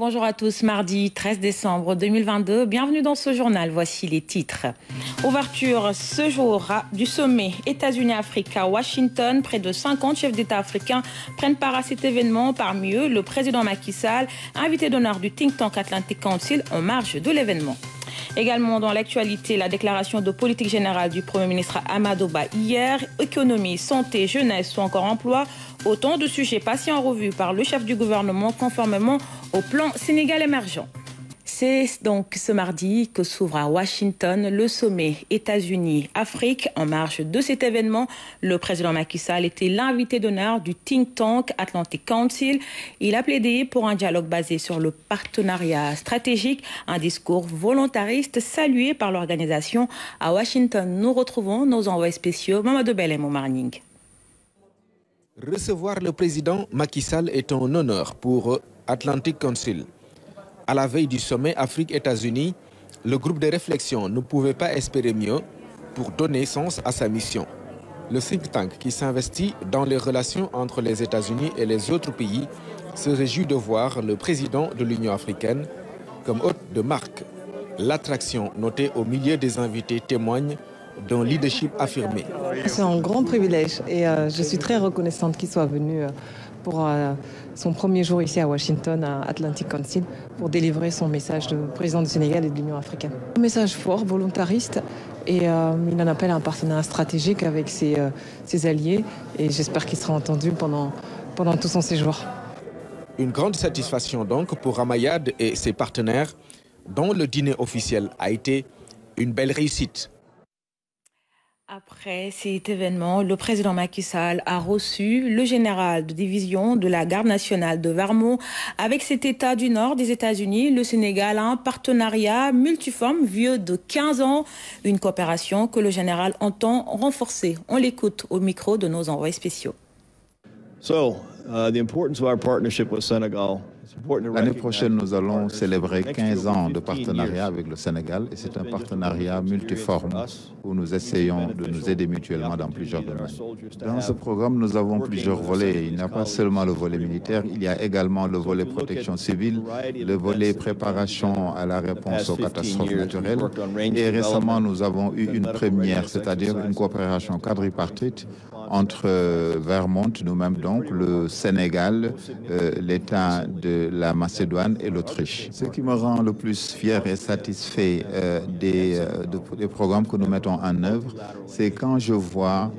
Bonjour à tous, mardi 13 décembre 2022. Bienvenue dans ce journal. Voici les titres. Ouverture ce jour du sommet États-Unis-Afrique à Washington. Près de 50 chefs d'État africains prennent part à cet événement. Parmi eux, le président Macky Sall, invité d'honneur du think tank Atlantic Council en marge de l'événement. Également dans l'actualité, la déclaration de politique générale du Premier ministre Amadouba hier, économie, santé, jeunesse ou encore emploi, autant de sujets passés en revue par le chef du gouvernement conformément au plan Sénégal émergent. C'est donc ce mardi que s'ouvre à Washington le sommet États-Unis-Afrique. En marge de cet événement, le président Macky Sall était l'invité d'honneur du think tank Atlantic Council. Il a plaidé pour un dialogue basé sur le partenariat stratégique, un discours volontariste salué par l'organisation. À Washington, nous retrouvons nos envois spéciaux Mamadou Marning. Recevoir le président Macky Sall est un honneur pour Atlantic Council. À la veille du sommet Afrique-États-Unis, le groupe de réflexion ne pouvait pas espérer mieux pour donner sens à sa mission. Le think tank qui s'investit dans les relations entre les États-Unis et les autres pays se réjouit de voir le président de l'Union africaine comme hôte de marque. L'attraction notée au milieu des invités témoigne d'un leadership affirmé. C'est un grand privilège et euh, je suis très reconnaissante qu'il soit venu euh, pour euh, son premier jour ici à Washington, à Atlantic Council, pour délivrer son message de président du Sénégal et de l'Union africaine. Un message fort, volontariste, et euh, il en appelle à un partenariat stratégique avec euh, ses, alliés, et j'espère qu'il sera entendu pendant, pendant tout son séjour. Une grande satisfaction donc pour Amayad et ses partenaires, dont le dîner officiel a été une belle réussite. Après cet événement, le président Macky Sall a reçu le général de division de la garde nationale de Vermont. Avec cet État du Nord des États-Unis, le Sénégal a un partenariat multiforme vieux de 15 ans, une coopération que le général entend renforcer. On l'écoute au micro de nos envoyés spéciaux. So, uh, the importance of our partnership with L'année prochaine, nous allons célébrer 15 ans de partenariat avec le Sénégal et c'est un partenariat multiforme où nous essayons de nous aider mutuellement dans plusieurs domaines. Dans ce programme, nous avons plusieurs volets. Il n'y a pas seulement le volet militaire, il y a également le volet protection civile, le volet préparation à la réponse aux catastrophes naturelles. Et récemment, nous avons eu une première, c'est-à-dire une coopération quadripartite entre euh, Vermont, nous-mêmes donc, le Sénégal, euh, l'État de la Macédoine et l'Autriche. Ce qui me rend le plus fier et satisfait euh, des, programmes que nous mettons en œuvre, c'est quand je vois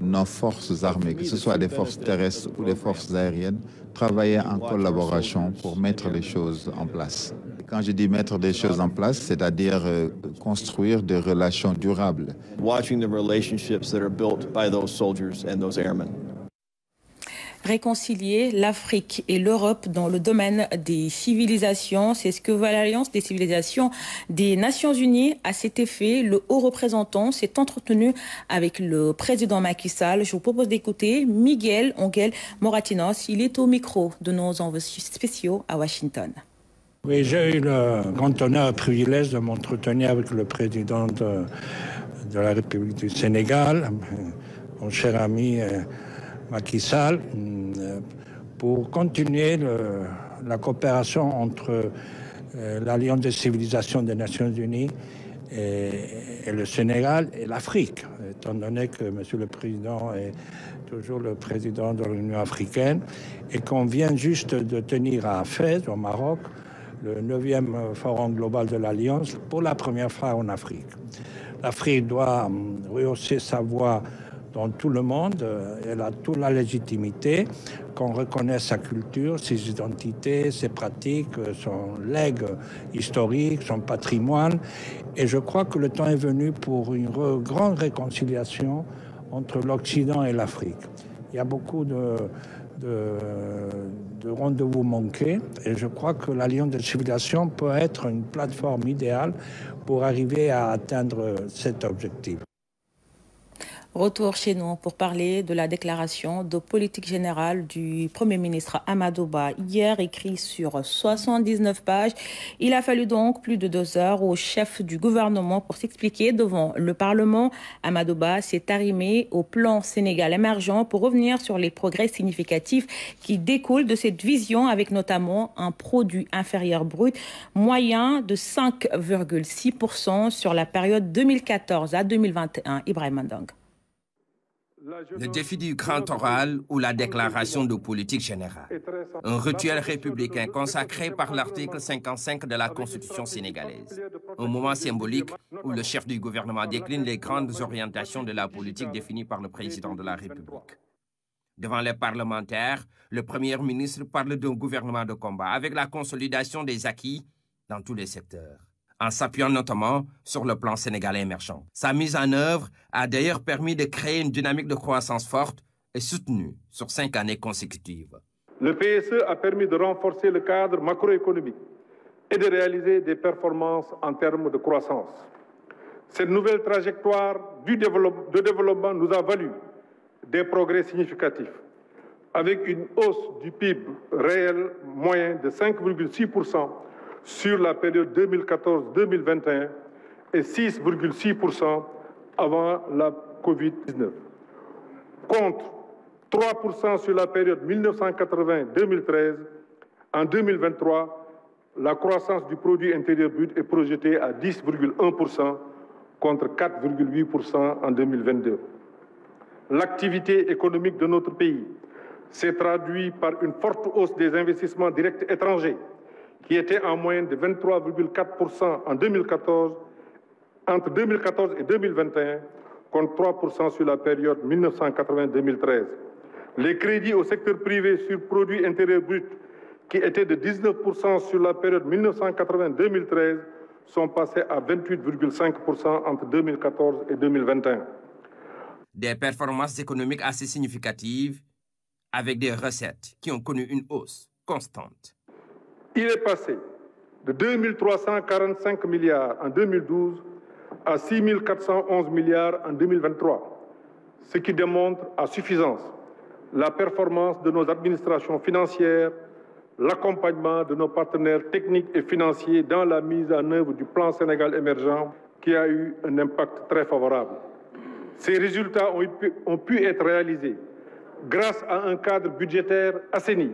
nos forces armées, que ce soit des forces terrestres ou des forces aériennes, travailler en collaboration pour mettre les choses en place. Quand je dis mettre des choses en place, c'est-à-dire euh, construire des relations durables. réconcilier l'Afrique et l'Europe dans le domaine des civilisations. C'est ce que va l'Alliance des civilisations des Nations Unies. À cet effet, le haut représentant s'est entretenu avec le président Macky Sall. Je vous propose d'écouter Miguel Angel Moratinos. Il est au micro de nos envois spéciaux à Washington. Oui, j'ai eu le grand honneur et privilège de m'entretenir avec le président de, la République du Sénégal, mon cher ami euh, Macky Sall, euh, pour continuer la coopération entre euh, l'Alliance des civilisations des Nations Unies et, le Sénégal et l'Afrique, étant donné que M. le Président est toujours le président de l'Union africaine et qu'on vient juste de tenir à Fès, au Maroc, le 9e euh, Forum global de l'Alliance, pour la première fois en Afrique. L'Afrique doit hum, rehausser sa voix dans tout le monde. Euh, elle a toute la légitimité qu'on reconnaisse sa culture, ses identités, ses pratiques, euh, son legs historique, son patrimoine. Et je crois que le temps est venu pour une grande réconciliation entre l'Occident et l'Afrique. Il y a beaucoup de, de, de rendez-vous manqués. Et je crois que l'Alliance de Civilisation peut être une plateforme idéale pour arriver à atteindre cet objectif. Retour chez nous pour parler de la déclaration de politique générale du Premier ministre Amadouba. Hier, écrit sur 79 pages, il a fallu donc plus de deux heures au chef du gouvernement pour s'expliquer devant le Parlement. Amadouba s'est arrimé au plan Sénégal émergent pour revenir sur les progrès significatifs qui découlent de cette vision avec notamment un produit inférieur brut moyen de 5,6% sur la période 2014 à 2021. Ibrahim Mandang le défi du grand oral ou la déclaration de politique générale, un rituel républicain consacré par l'article 55 de la Constitution sénégalaise, un moment symbolique où le chef du gouvernement décline les grandes orientations de la politique définie par le président de la République. Devant les parlementaires, le Premier ministre parle d'un gouvernement de combat avec la consolidation des acquis dans tous les secteurs en s'appuyant notamment sur le plan sénégalais émergent. Sa mise en œuvre a d'ailleurs permis de créer une dynamique de croissance forte et soutenue sur cinq années consécutives. Le PSE a permis de renforcer le cadre macroéconomique et de réaliser des performances en termes de croissance. Cette nouvelle trajectoire de développement nous a valu des progrès significatifs, avec une hausse du PIB réel moyen de 5,6% sur la période 2014-2021 et 6,6% avant la COVID-19, contre 3% sur la période 1980-2013. En 2023, la croissance du produit intérieur brut est projetée à 10,1% contre 4,8% en 2022. L'activité économique de notre pays s'est traduite par une forte hausse des investissements directs étrangers qui était en moyenne de 23,4% en 2014, entre 2014 et 2021, contre 3% sur la période 1980-2013. Les crédits au secteur privé sur produit intérieur brut, qui étaient de 19% sur la période 1980-2013, sont passés à 28,5% entre 2014 et 2021. Des performances économiques assez significatives, avec des recettes qui ont connu une hausse constante. Il est passé de 2345 milliards en 2012 à 6 411 milliards en 2023, ce qui démontre à suffisance la performance de nos administrations financières, l'accompagnement de nos partenaires techniques et financiers dans la mise en œuvre du plan Sénégal émergent qui a eu un impact très favorable. Ces résultats ont pu, ont pu être réalisés grâce à un cadre budgétaire assaini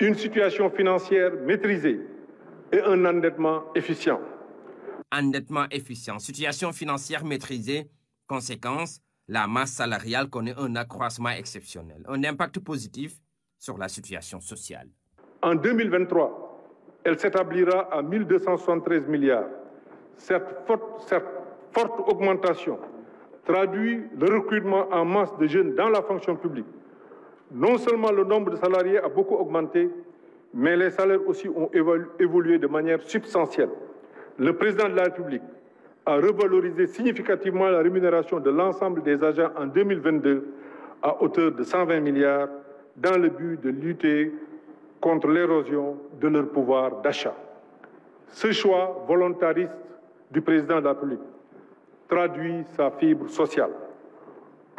une situation financière maîtrisée et un endettement efficient. Endettement efficient, situation financière maîtrisée, conséquence, la masse salariale connaît un accroissement exceptionnel, un impact positif sur la situation sociale. En 2023, elle s'établira à 1273 milliards. Cette forte, cette forte augmentation traduit le recrutement en masse de jeunes dans la fonction publique non seulement le nombre de salariés a beaucoup augmenté, mais les salaires aussi ont évolué de manière substantielle. Le président de la République a revalorisé significativement la rémunération de l'ensemble des agents en 2022 à hauteur de 120 milliards dans le but de lutter contre l'érosion de leur pouvoir d'achat. Ce choix volontariste du président de la République traduit sa fibre sociale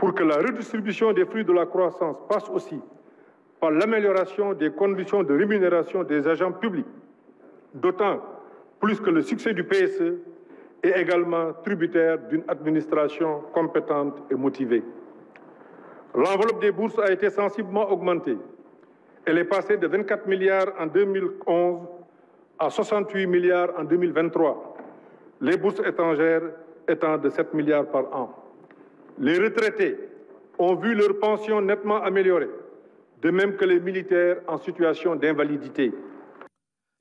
pour que la redistribution des fruits de la croissance passe aussi par l'amélioration des conditions de rémunération des agents publics, d'autant plus que le succès du PSE est également tributaire d'une administration compétente et motivée. L'enveloppe des bourses a été sensiblement augmentée. Elle est passée de 24 milliards en 2011 à 68 milliards en 2023, les bourses étrangères étant de 7 milliards par an. Les retraités ont vu leurs pension nettement améliorées, de même que les militaires en situation d'invalidité.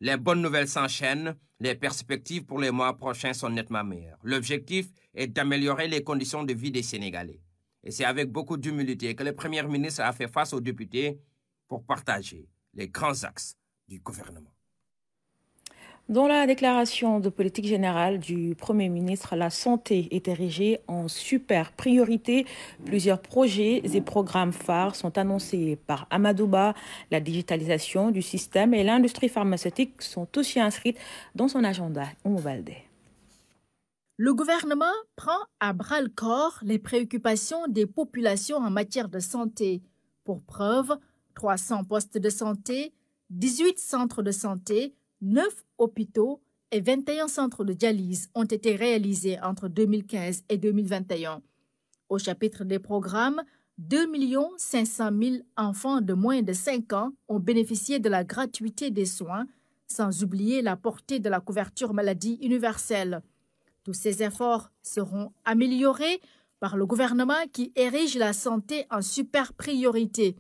Les bonnes nouvelles s'enchaînent, les perspectives pour les mois prochains sont nettement meilleures. L'objectif est d'améliorer les conditions de vie des Sénégalais. Et c'est avec beaucoup d'humilité que le Premier ministre a fait face aux députés pour partager les grands axes du gouvernement. Dans la déclaration de politique générale du Premier ministre, la santé est érigée en super priorité. Plusieurs projets et programmes phares sont annoncés par Amadouba. La digitalisation du système et l'industrie pharmaceutique sont aussi inscrites dans son agenda. Le gouvernement prend à bras le corps les préoccupations des populations en matière de santé. Pour preuve, 300 postes de santé, 18 centres de santé, 9 hôpitaux et 21 centres de dialyse ont été réalisés entre 2015 et 2021. Au chapitre des programmes, 2 500 000 enfants de moins de 5 ans ont bénéficié de la gratuité des soins, sans oublier la portée de la couverture maladie universelle. Tous ces efforts seront améliorés par le gouvernement qui érige la santé en super priorité.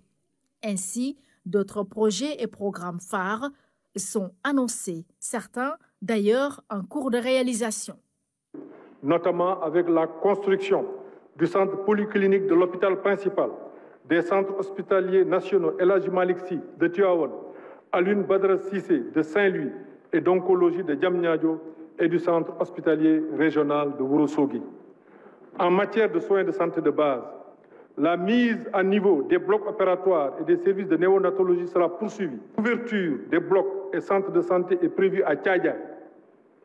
Ainsi, d'autres projets et programmes phares sont annoncés, certains d'ailleurs en cours de réalisation. Notamment avec la construction du centre polyclinique de l'hôpital principal, des centres hospitaliers nationaux El Maliksi de à Alun l'une Sissé de Saint-Louis et d'oncologie de Djamnyadjo et du centre hospitalier régional de Wurosogi. En matière de soins de santé de base, la mise à niveau des blocs opératoires et des services de néonatologie sera poursuivie. L'ouverture des blocs et centres de santé est prévue à Tchadia,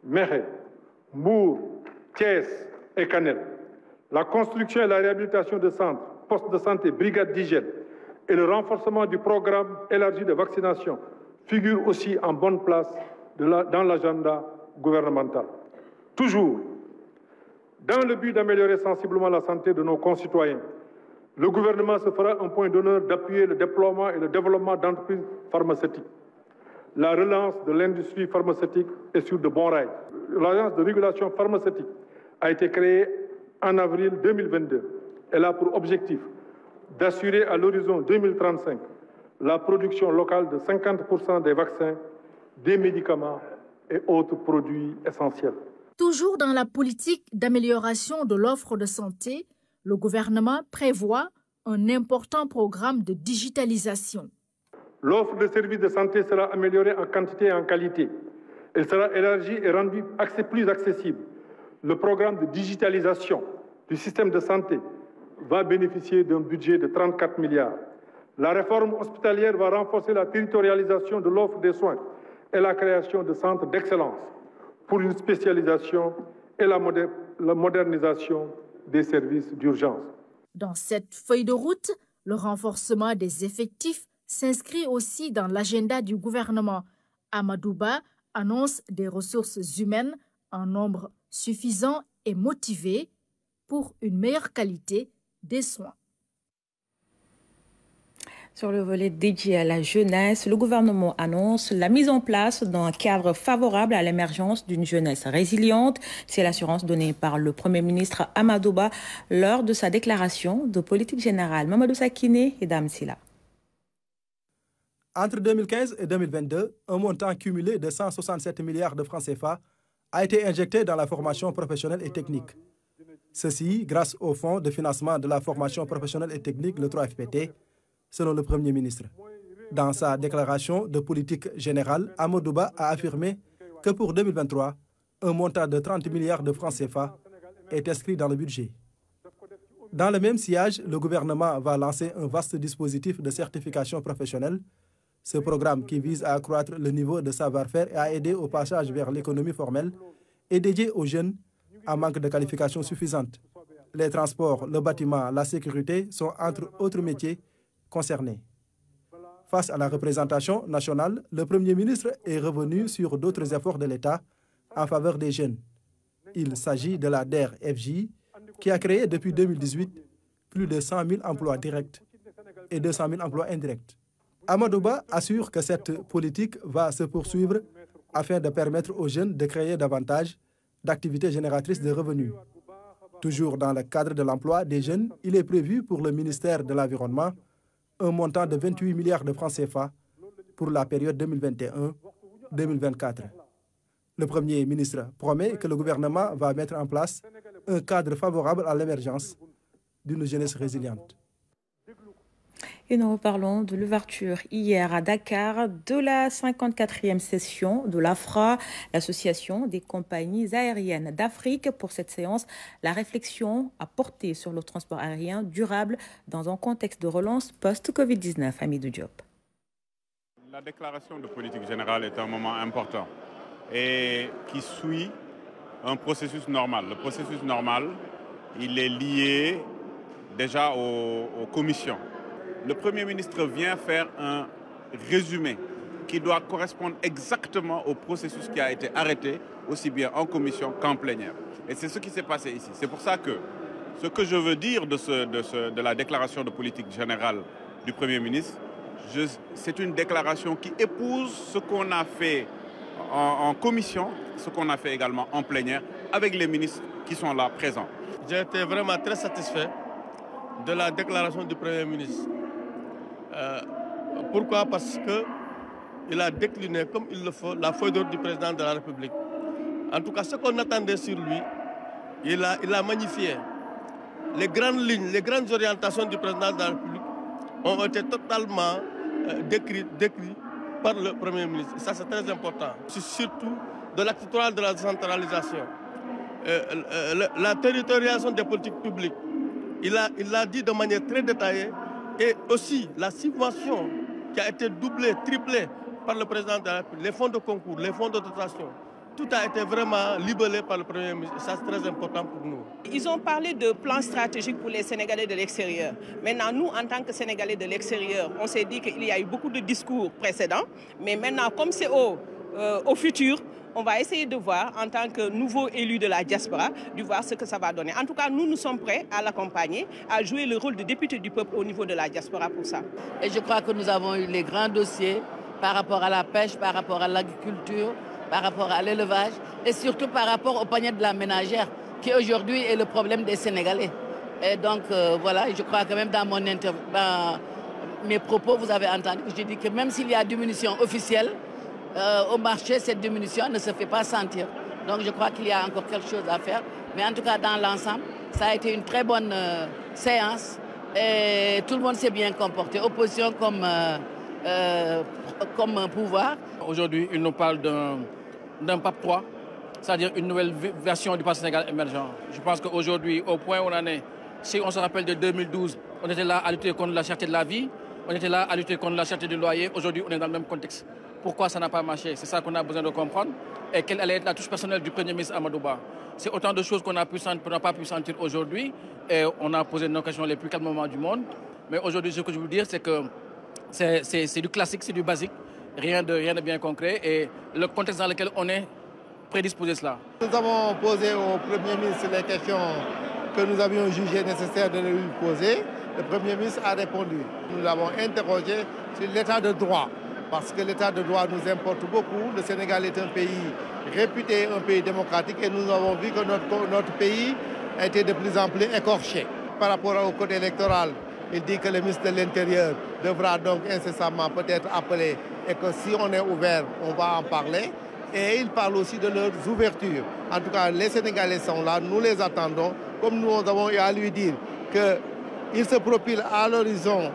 Mehé, Mour, Thiès et Canel. La construction et la réhabilitation de centres, postes de santé, brigades d'hygiène et le renforcement du programme élargi de vaccination figurent aussi en bonne place dans l'agenda gouvernemental. Toujours, dans le but d'améliorer sensiblement la santé de nos concitoyens, le gouvernement se fera un point d'honneur d'appuyer le déploiement et le développement d'entreprises pharmaceutiques. La relance de l'industrie pharmaceutique est sur de bons rails. L'Agence de régulation pharmaceutique a été créée en avril 2022. Elle a pour objectif d'assurer à l'horizon 2035 la production locale de 50% des vaccins, des médicaments et autres produits essentiels. Toujours dans la politique d'amélioration de l'offre de santé, le gouvernement prévoit un important programme de digitalisation. L'offre de services de santé sera améliorée en quantité et en qualité. Elle sera élargie et rendue plus accessible. Le programme de digitalisation du système de santé va bénéficier d'un budget de 34 milliards. La réforme hospitalière va renforcer la territorialisation de l'offre des soins et la création de centres d'excellence pour une spécialisation et la, modernisation services d'urgence. Dans cette feuille de route, le renforcement des effectifs s'inscrit aussi dans l'agenda du gouvernement. Amadouba annonce des ressources humaines en nombre suffisant et motivé pour une meilleure qualité des soins. Sur le volet dédié à la jeunesse, le gouvernement annonce la mise en place d'un cadre favorable à l'émergence d'une jeunesse résiliente. C'est l'assurance donnée par le Premier ministre Amadouba lors de sa déclaration de politique générale. Mamadou Sakine et Dame Silla. Entre 2015 et 2022, un montant cumulé de 167 milliards de francs CFA a été injecté dans la formation professionnelle et technique. Ceci grâce au Fonds de financement de la formation professionnelle et technique, le 3FPT, selon le Premier ministre. Dans sa déclaration de politique générale, Amadouba a affirmé que pour 2023, un montant de 30 milliards de francs CFA est inscrit dans le budget. Dans le même sillage, le gouvernement va lancer un vaste dispositif de certification professionnelle. Ce programme qui vise à accroître le niveau de savoir-faire et à aider au passage vers l'économie formelle est dédié aux jeunes à manque de qualifications suffisantes. Les transports, le bâtiment, la sécurité sont entre autres métiers concernés. Face à la représentation nationale, le Premier ministre est revenu sur d'autres efforts de l'État en faveur des jeunes. Il s'agit de la DERFJ qui a créé depuis 2018 plus de 100 000 emplois directs et 200 000 emplois indirects. Amadouba assure que cette politique va se poursuivre afin de permettre aux jeunes de créer davantage d'activités génératrices de revenus. Toujours dans le cadre de l'emploi des jeunes, il est prévu pour le ministère de l'Environnement un montant de 28 milliards de francs CFA pour la période 2021-2024. Le Premier ministre promet que le gouvernement va mettre en place un cadre favorable à l'émergence d'une jeunesse résiliente. Et nous reparlons de l'ouverture hier à Dakar de la 54e session de l'AFRA, l'association des compagnies aériennes d'Afrique. Pour cette séance, la réflexion a porté sur le transport aérien durable dans un contexte de relance post-Covid-19, ami de Diop. La déclaration de politique générale est un moment important et qui suit un processus normal. Le processus normal, il est lié déjà aux commissions le Premier ministre vient faire un résumé qui doit correspondre exactement au processus qui a été arrêté, aussi bien en commission qu'en plénière. Et c'est ce qui s'est passé ici. C'est pour ça que ce que je veux dire de, la déclaration de politique générale du Premier ministre, c'est une déclaration qui épouse ce qu'on a fait en commission, ce qu'on a fait également en plénière, avec les ministres qui sont là présents. J'ai été vraiment très satisfait de la déclaration du Premier ministre. Euh, pourquoi Parce qu'il a décliné, comme il le faut, la feuille de du président de la République. En tout cas, ce qu'on attendait sur lui, il a, il a magnifié. Les grandes lignes, les grandes orientations du président de la République ont été totalement euh, décrites, par le Premier ministre. Ça, c'est très important. C'est surtout de l'actuel de la décentralisation. Euh, la, territorialisation des politiques publiques. Il l'a il a dit de manière très détaillée et aussi, la subvention qui a été doublée, triplée par le président de la République, les fonds de concours, les fonds de dotation, tout a été vraiment libellé par le Premier ministre. Ça, c'est très important pour nous. Ils ont parlé de plan stratégique pour les Sénégalais de l'extérieur. Maintenant, nous, en tant que Sénégalais de l'extérieur, on s'est dit qu'il y a eu beaucoup de discours précédents. Mais maintenant, comme c'est au, euh, au futur, on va essayer de voir en tant que nouveau élu de la diaspora, de voir ce que ça va donner. En tout cas, nous, nous sommes prêts à l'accompagner, à jouer le rôle de député du peuple au niveau de la diaspora pour ça. Et je crois que nous avons eu les grands dossiers par rapport à la pêche, par rapport à l'agriculture, par rapport à l'élevage et surtout par rapport au panier de la ménagère qui aujourd'hui est le problème des Sénégalais. Et donc euh, voilà, je crois que même dans mon mes propos, vous avez entendu, je dis que même s'il y a diminution officielle, euh, au marché, cette diminution ne se fait pas sentir. Donc je crois qu'il y a encore quelque chose à faire. Mais en tout cas, dans l'ensemble, ça a été une très bonne euh, séance et tout le monde s'est bien comporté, opposition comme, euh, comme pouvoir. Aujourd'hui, ils nous parlent d'un pape 3, c'est-à-dire une nouvelle version du pape Sénégal émergent. Je pense qu'aujourd'hui, au point où on en est, si on se rappelle de 2012, on était là à lutter contre la cherté de la vie, on était là à lutter contre la cherté du loyer. Aujourd'hui, on est dans le même contexte pourquoi ça n'a pas marché. C'est ça qu'on a besoin de comprendre. Et quelle allait être la touche personnelle du Premier ministre Amadouba. C'est autant de choses qu'on n'a pas pu sentir aujourd'hui. Et on a posé nos questions les plus calmes moments du monde. Mais aujourd'hui, ce que je veux dire, c'est que c'est du classique, c'est du basique. Rien de, bien concret. Et le contexte dans lequel on est prédisposé cela. Nous avons posé au Premier ministre les questions que nous avions jugé nécessaire de lui poser. Le Premier ministre a répondu. Nous l'avons interrogé sur l'état de droit parce que l'état de droit nous importe beaucoup. Le Sénégal est un pays réputé, un pays démocratique et nous avons vu que notre, notre pays été de plus en plus écorché. Par rapport au code électoral, il dit que le ministre de l'Intérieur devra donc incessamment peut-être appeler et que si on est ouvert, on va en parler. Et il parle aussi de leurs ouvertures. En tout cas, les Sénégalais sont là, nous les attendons. Comme nous, avons eu à lui dire qu'ils se propilent à l'horizon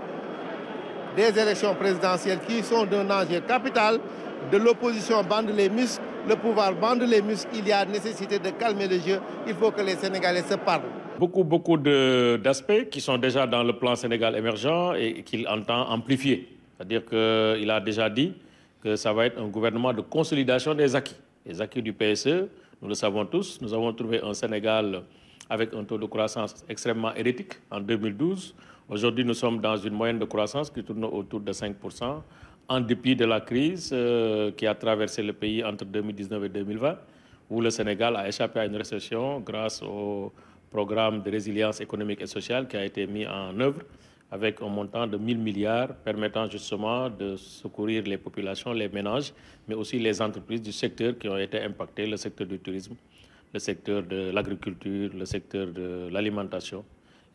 des élections présidentielles qui sont d'un enjeu capital. De l'opposition bande les muscles, le pouvoir bande les muscles. Il y a nécessité de calmer les yeux, Il faut que les Sénégalais se parlent beaucoup, beaucoup d'aspects qui sont déjà dans le plan Sénégal émergent et qu'il entend amplifier. C'est-à-dire qu'il a déjà dit que ça va être un gouvernement de consolidation des acquis. Les acquis du PSE, nous le savons tous, nous avons trouvé un Sénégal avec un taux de croissance extrêmement hérétique en 2012. Aujourd'hui, nous sommes dans une moyenne de croissance qui tourne autour de 5%, en dépit de la crise euh, qui a traversé le pays entre 2019 et 2020, où le Sénégal a échappé à une récession grâce au programme de résilience économique et sociale qui a été mis en œuvre avec un montant de 1000 milliards permettant justement de secourir les populations, les ménages, mais aussi les entreprises du secteur qui ont été impactées, le secteur du tourisme, le secteur de l'agriculture, le secteur de l'alimentation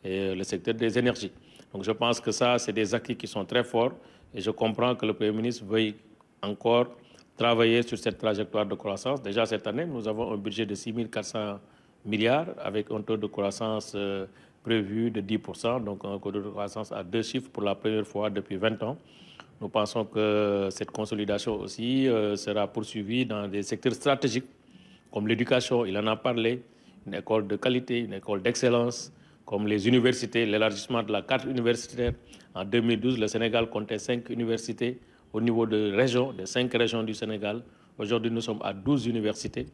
et le secteur des énergies. Donc je pense que ça, c'est des acquis qui sont très forts et je comprends que le Premier ministre veuille encore travailler sur cette trajectoire de croissance. Déjà cette année, nous avons un budget de 6 400 milliards avec un taux de croissance euh, prévu de 10%, donc un taux de croissance à deux chiffres pour la première fois depuis 20 ans. Nous pensons que cette consolidation aussi euh, sera poursuivie dans des secteurs stratégiques comme l'éducation, il en a parlé, une école de qualité, une école d'excellence, comme les universités, l'élargissement de la carte universitaire. En 2012, le Sénégal comptait cinq universités au niveau de régions, des cinq régions du Sénégal. Aujourd'hui, nous sommes à 12 universités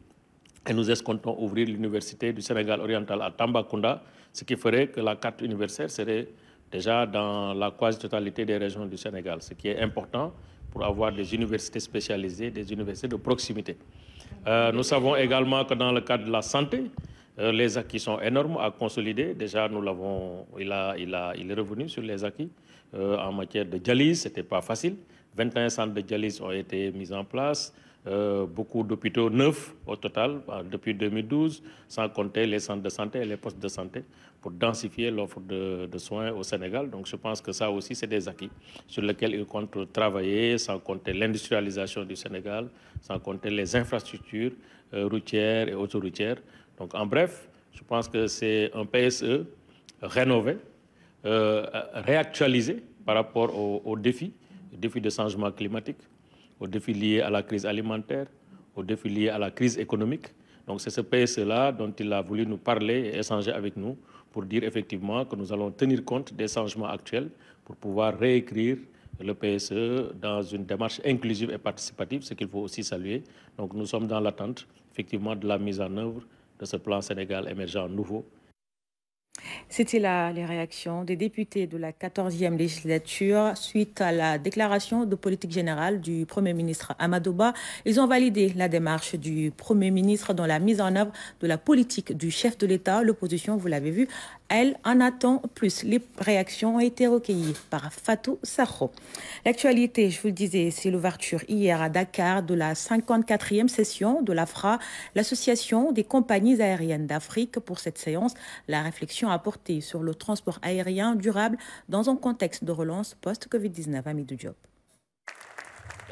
et nous escomptons ouvrir l'université du Sénégal oriental à Tambacounda, ce qui ferait que la carte universitaire serait déjà dans la quasi-totalité des régions du Sénégal, ce qui est important pour avoir des universités spécialisées, des universités de proximité. Euh, nous savons également que dans le cadre de la santé, euh, les acquis sont énormes à consolider. Déjà, nous l'avons, il, est revenu sur les acquis euh, en matière de dialyse. Ce n'était pas facile. 21 centres de dialyse ont été mis en place. beaucoup d'hôpitaux neufs au total depuis 2012, sans compter les centres de santé et les postes de santé pour densifier l'offre de, soins au Sénégal. Donc je pense que ça aussi, c'est des acquis sur lesquels il compte travailler, sans compter l'industrialisation du Sénégal, sans compter les infrastructures euh, routières et autoroutières. Donc en bref, je pense que c'est un PSE rénové, euh, réactualisé par rapport aux, défis, aux défis de changement climatique, aux défis liés à la crise alimentaire, aux défis liés à la crise économique. Donc c'est ce PSE-là dont il a voulu nous parler et échanger avec nous pour dire effectivement que nous allons tenir compte des changements actuels pour pouvoir réécrire le PSE dans une démarche inclusive et participative, ce qu'il faut aussi saluer. Donc nous sommes dans l'attente effectivement de la mise en œuvre de ce plan Sénégal émergent nouveau c'était là les réactions des députés de la 14e législature suite à la déclaration de politique générale du Premier ministre Amadouba. Ils ont validé la démarche du Premier ministre dans la mise en œuvre de la politique du chef de l'État. L'opposition, vous l'avez vu, elle en attend plus. Les réactions ont été recueillies par Fatou sarro L'actualité, je vous le disais, c'est l'ouverture hier à Dakar de la 54e session de l'AFRA, l'association des compagnies aériennes d'Afrique. Pour cette séance, la réflexion a porté sur le transport aérien durable dans un contexte de relance post-Covid-19. à Diop.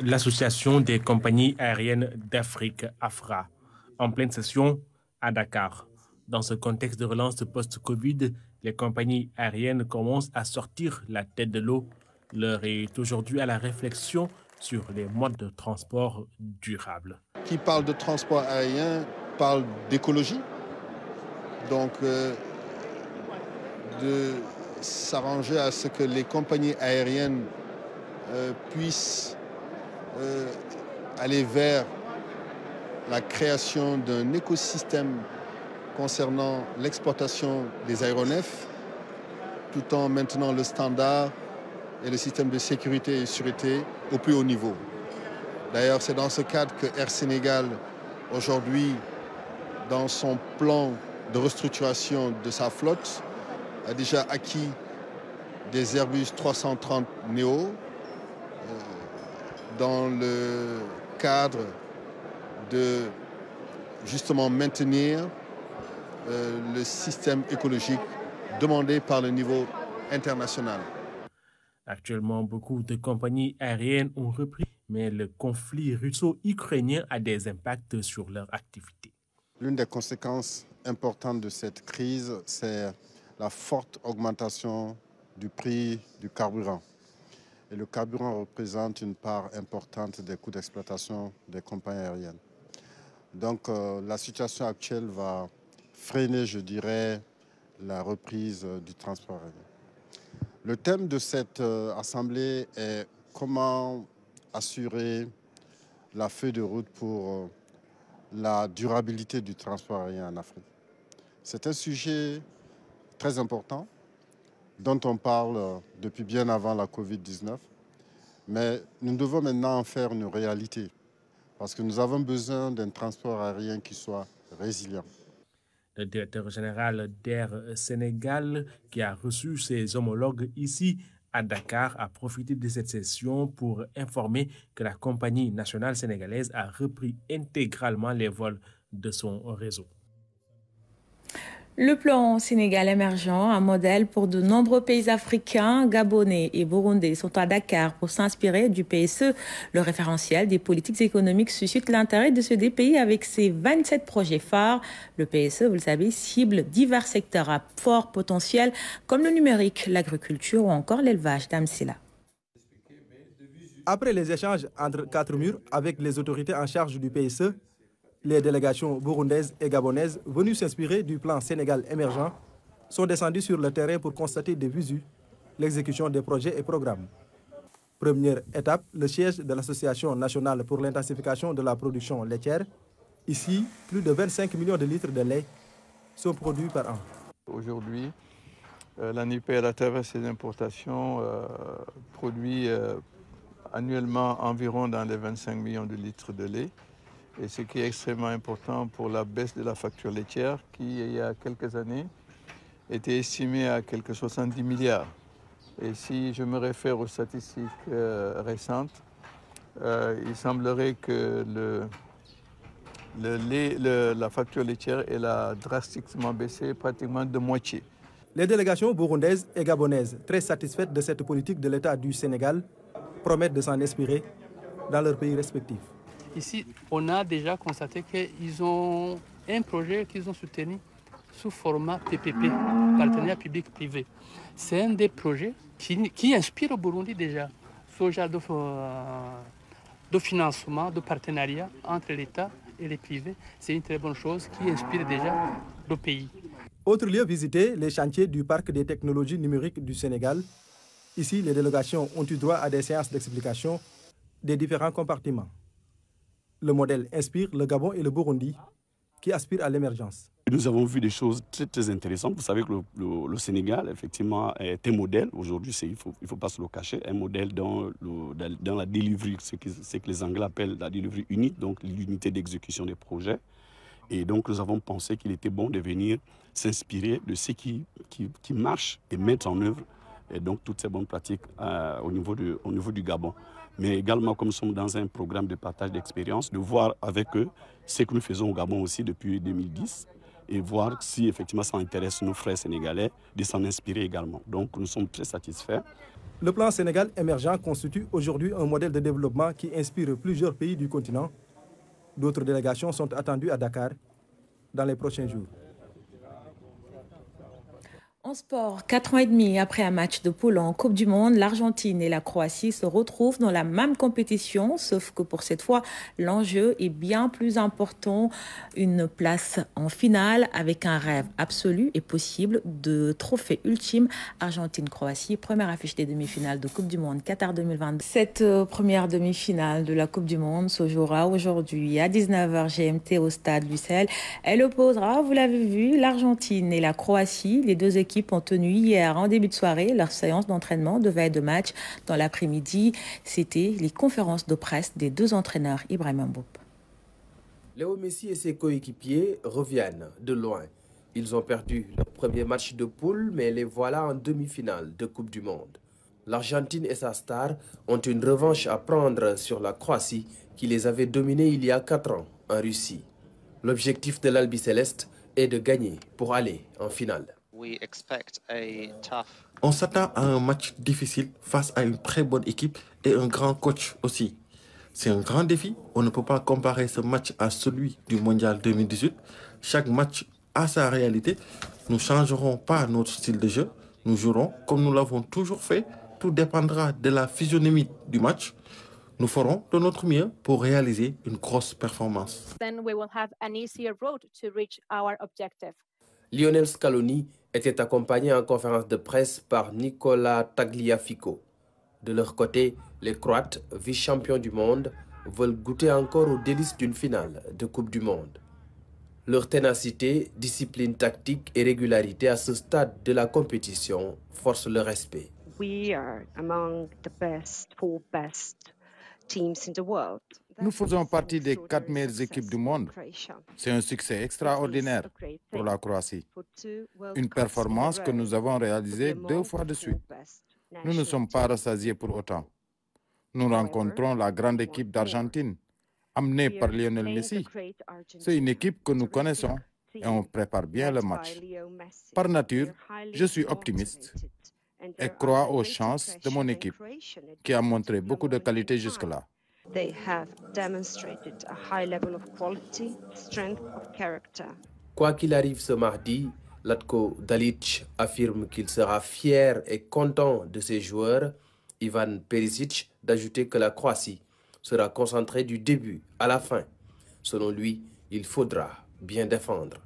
L'association des compagnies aériennes d'Afrique, AFRA, en pleine session à Dakar. Dans ce contexte de relance post-Covid, les compagnies aériennes commencent à sortir la tête de l'eau. L'heure est aujourd'hui à la réflexion sur les modes de transport durables. Qui parle de transport aérien parle d'écologie. Donc, euh, de s'arranger à ce que les compagnies aériennes euh, puissent euh, aller vers la création d'un écosystème concernant l'exploitation des aéronefs, tout en maintenant le standard et le système de sécurité et sûreté au plus haut niveau. D'ailleurs, c'est dans ce cadre que Air Sénégal, aujourd'hui, dans son plan de restructuration de sa flotte, a déjà acquis des Airbus 330 Neo euh, dans le cadre de justement maintenir euh, le système écologique demandé par le niveau international. Actuellement, beaucoup de compagnies aériennes ont repris, mais le conflit russo-ukrainien a des impacts sur leur activité. L'une des conséquences importantes de cette crise, c'est la forte augmentation du prix du carburant. Et le carburant représente une part importante des coûts d'exploitation des compagnies aériennes. Donc euh, la situation actuelle va freiner, je dirais, la reprise euh, du transport aérien. Le thème de cette euh, assemblée est comment assurer la feuille de route pour euh, la durabilité du transport aérien en Afrique. C'est un sujet très important dont on parle depuis bien avant la COVID-19, mais nous devons maintenant en faire une réalité parce que nous avons besoin d'un transport aérien qui soit résilient le euh, directeur général d'Air euh, Sénégal, qui a reçu ses homologues ici à Dakar, a profité de cette session pour informer que la compagnie nationale sénégalaise a repris intégralement les vols de son réseau. Le plan Sénégal émergent, un modèle pour de nombreux pays africains, gabonais et burundais, sont à Dakar pour s'inspirer du PSE. Le référentiel des politiques économiques suscite l'intérêt de ce des pays avec ses 27 projets phares. Le PSE, vous le savez, cible divers secteurs à fort potentiel comme le numérique, l'agriculture ou encore l'élevage d'Amsila. Après les échanges entre quatre murs avec les autorités en charge du PSE, les délégations burundaises et gabonaises, venues s'inspirer du plan Sénégal émergent, sont descendues sur le terrain pour constater des visu l'exécution des projets et programmes. Première étape, le siège de l'Association nationale pour l'intensification de la production laitière. Ici, plus de 25 millions de litres de lait sont produits par an. Aujourd'hui, euh, la terre à travers ses importations, euh, produit euh, annuellement environ dans les 25 millions de litres de lait et ce qui est extrêmement important pour la baisse de la facture laitière qui, il y a quelques années, était estimée à quelques 70 milliards. Et si je me réfère aux statistiques euh, récentes, euh, il semblerait que la facture laitière a drastiquement baissé, pratiquement de moitié. Les délégations burundaises et gabonaises, très satisfaites de cette politique de l'État du Sénégal, promettent de s'en inspirer dans leurs pays respectifs. Ici, on a déjà constaté qu'ils ont un projet qu'ils ont soutenu sous format PPP, partenariat public-privé. C'est un des projets qui, inspire au Burundi déjà ce genre de, euh, de financement, de partenariat entre l'État et les privés. C'est une très bonne chose qui inspire déjà le pays. Autre lieu visité, les chantiers du Parc des technologies numériques du Sénégal. Ici, les délégations ont eu droit à des séances d'explication des différents compartiments. Le modèle inspire le Gabon et le Burundi qui aspirent à l'émergence. Nous avons vu des choses très, très intéressantes. Vous savez que le, Sénégal, effectivement, est un modèle. Aujourd'hui, il ne faut, il faut pas se le cacher, un modèle dans, dans la délivrée, ce que, les Anglais appellent la délivrée unique, donc l'unité d'exécution des projets. Et donc, nous avons pensé qu'il était bon de venir s'inspirer de ce qui, qui, marche et mettre en œuvre et donc toutes ces bonnes pratiques euh, au, niveau de, au niveau du Gabon mais également comme nous sommes dans un programme de partage d'expérience, de voir avec eux ce que nous faisons au Gabon aussi depuis 2010 et voir si effectivement ça intéresse nos frères sénégalais de s'en inspirer également. Donc nous sommes très satisfaits. Le plan Sénégal émergent constitue aujourd'hui un modèle de développement qui inspire plusieurs pays du continent. D'autres délégations sont attendues à Dakar dans les prochains jours. En sport, quatre ans et demi après un match de poule en Coupe du Monde, l'Argentine et la Croatie se retrouvent dans la même compétition, sauf que pour cette fois, l'enjeu est bien plus important. Une place en finale avec un rêve absolu et possible de trophée ultime Argentine-Croatie, première affiche des demi-finales de Coupe du Monde Qatar 2022. Cette euh, première demi-finale de la Coupe du Monde se jouera aujourd'hui à 19h GMT au stade Lucelle. Elle opposera, vous l'avez vu, l'Argentine et la Croatie, les deux équipes équipes ont tenu hier, en début de soirée, leur séance d'entraînement Devait veille de match. Dans l'après-midi, c'était les conférences de presse des deux entraîneurs Ibrahim Mboup. Léo Messi et ses coéquipiers reviennent de loin. Ils ont perdu leur premier match de poule, mais les voilà en demi-finale de Coupe du Monde. L'Argentine et sa star ont une revanche à prendre sur la Croatie qui les avait dominés il y a quatre ans en Russie. L'objectif de l'Albi Céleste est de gagner pour aller en finale. On s'attend à un match difficile face à une très bonne équipe et un grand coach aussi. C'est un grand défi. On ne peut pas comparer ce match à celui du Mondial 2018. Chaque match a sa réalité. Nous ne changerons pas notre style de jeu. Nous jouerons comme nous l'avons toujours fait. Tout dépendra de la physionomie du match. Nous ferons de notre mieux pour réaliser une grosse performance. Lionel Scaloni était accompagné en conférence de presse par Nicolas Tagliafico. De leur côté, les Croates, vice-champions du monde, veulent goûter encore aux délices d'une finale de Coupe du Monde. Leur ténacité, discipline tactique et régularité à ce stade de la compétition forcent le respect. We are among the best teams in nous faisons partie des quatre meilleures équipes du monde. C'est un succès extraordinaire pour la Croatie. Une performance que nous avons réalisée deux fois de suite. Nous ne sommes pas rassasiés pour autant. Nous rencontrons la grande équipe d'Argentine, amenée par Lionel Messi. C'est une équipe que nous connaissons et on prépare bien le match. Par nature, je suis optimiste et crois aux chances de mon équipe, qui a montré beaucoup de qualités jusque-là. Quoi qu'il arrive ce mardi, Latko Dalic affirme qu'il sera fier et content de ses joueurs. Ivan Perisic d'ajouter que la Croatie sera concentrée du début à la fin. Selon lui, il faudra bien défendre.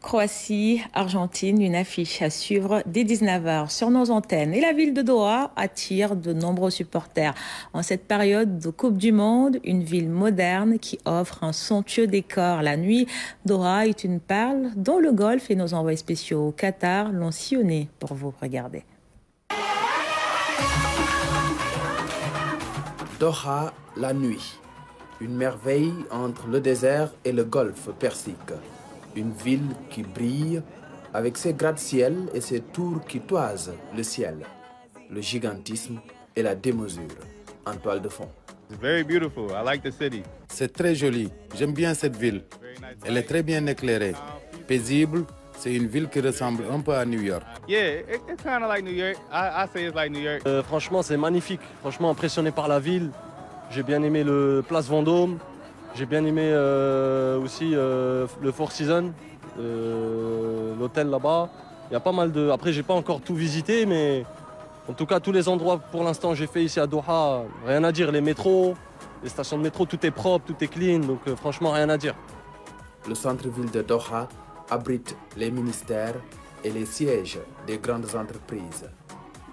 Croatie, Argentine, une affiche à suivre dès 19h sur nos antennes. Et la ville de Doha attire de nombreux supporters. En cette période de Coupe du Monde, une ville moderne qui offre un somptueux décor la nuit. Doha est une perle dont le golf et nos envois spéciaux au Qatar l'ont sillonné pour vous regarder. Doha, la nuit. Une merveille entre le désert et le golfe persique une ville qui brille avec ses gratte-ciel et ses tours qui toisent le ciel, le gigantisme et la démesure en toile de fond. C'est très joli, j'aime bien cette ville. Elle est très bien éclairée, paisible. C'est une ville qui ressemble un peu à New York. franchement, c'est magnifique. Franchement, impressionné par la ville. J'ai bien aimé le Place Vendôme. J'ai bien aimé euh, aussi euh, le Four Seasons, euh, l'hôtel là-bas. Il y a pas mal de. Après, j'ai pas encore tout visité, mais en tout cas, tous les endroits pour l'instant j'ai fait ici à Doha, rien à dire. Les métros, les stations de métro, tout est propre, tout est clean, donc franchement, rien à dire. Le centre-ville de Doha abrite les ministères et les sièges des grandes entreprises.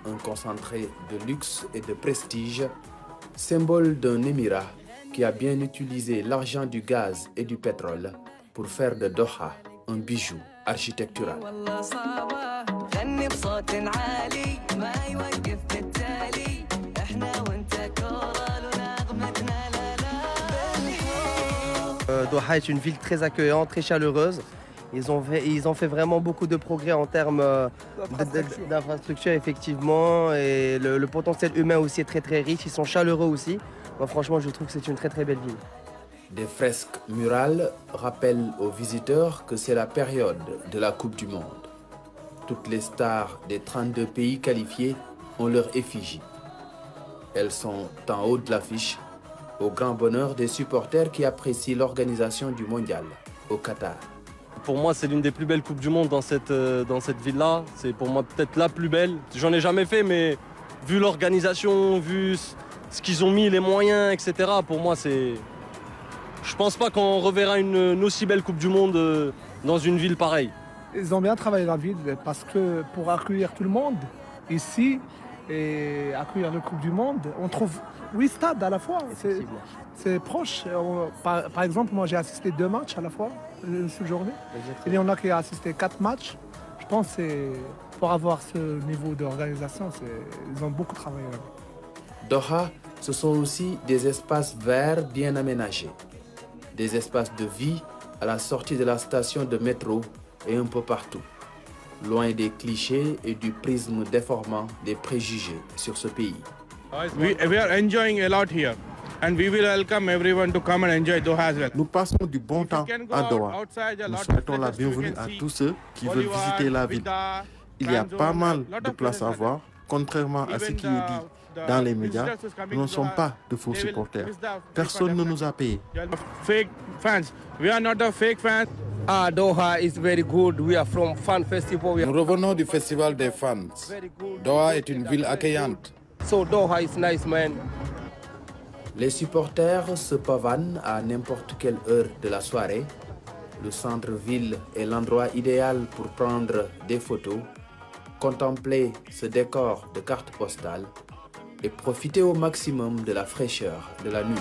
Un concentré de luxe et de prestige, symbole d'un émirat qui a bien utilisé l'argent du gaz et du pétrole pour faire de Doha un bijou architectural. Euh, Doha est une ville très accueillante, très chaleureuse. Ils ont, fait, vraiment beaucoup de progrès en termes euh, d'infrastructure d'infrastructures, effectivement. Et le, le potentiel humain aussi est très très riche. Ils sont chaleureux aussi. Moi, franchement, je trouve que c'est une très très belle ville. Des fresques murales rappellent aux visiteurs que c'est la période de la Coupe du Monde. Toutes les stars des 32 pays qualifiés ont leur effigie. Elles sont en haut de l'affiche, au grand bonheur des supporters qui apprécient l'organisation du mondial au Qatar. Pour moi, c'est l'une des plus belles Coupes du Monde dans cette, euh, dans cette ville-là. C'est pour moi peut-être la plus belle. J'en ai jamais fait, mais vu l'organisation, vu ce qu'ils ont mis, les moyens, etc. Pour moi, c'est. Je pense pas qu'on reverra une, aussi belle Coupe du Monde euh, dans une ville pareille. Ils ont bien travaillé la ville parce que pour accueillir tout le monde ici et accueillir la Coupe du Monde, on trouve huit stades à la fois. C'est proche. Par, exemple, moi j'ai assisté deux matchs à la fois seule journée. il y en a qui ont assisté quatre matchs. Je pense que pour avoir ce niveau d'organisation, ils ont beaucoup travaillé. Doha ce sont aussi des espaces verts bien aménagés, des espaces de vie à la sortie de la station de métro et un peu partout, loin des clichés et du prisme déformant des préjugés sur ce pays. Nous passons du bon temps à Doha. Nous souhaitons la bienvenue à tous ceux qui veulent visiter la ville. Il y a pas mal de places à voir, contrairement à ce qui est dit dans les médias, nous ne sommes pas de faux supporters. Personne ne nous a payés. Ah, Doha is very good. We are from Fan Festival. Nous revenons du festival des fans. Doha est une ville accueillante. So Doha is nice, man. Les supporters se pavanent à n'importe quelle heure de la soirée. Le centre-ville est l'endroit idéal pour prendre des photos, contempler ce décor de cartes postales et profiter au maximum de la fraîcheur de la nuit.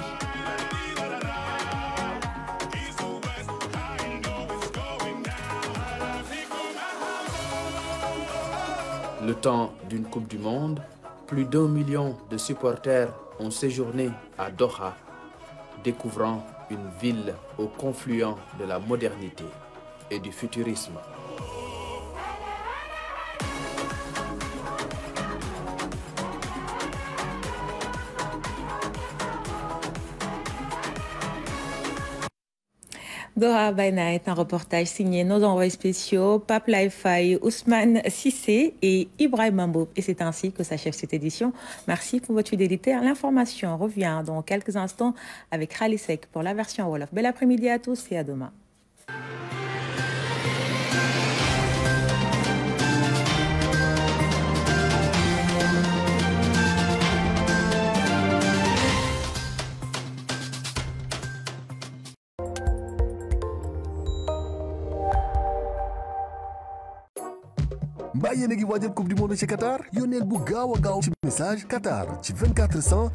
Le temps d'une Coupe du Monde, plus d'un million de supporters ont séjourné à Doha, découvrant une ville au confluent de la modernité et du futurisme. Dora Baina un reportage signé nos envois spéciaux, Pape Lifei Ousmane Sissé et Ibrahim Mambo. Et c'est ainsi que s'achève cette édition. Merci pour votre fidélité. L'information revient dans quelques instants avec Sec pour la version Wolof. Bel après-midi à tous et à demain. yen a ngi waajal du monde ci Qatar yónneel bu gaaw a gaaw ci message Qatar ci 24 100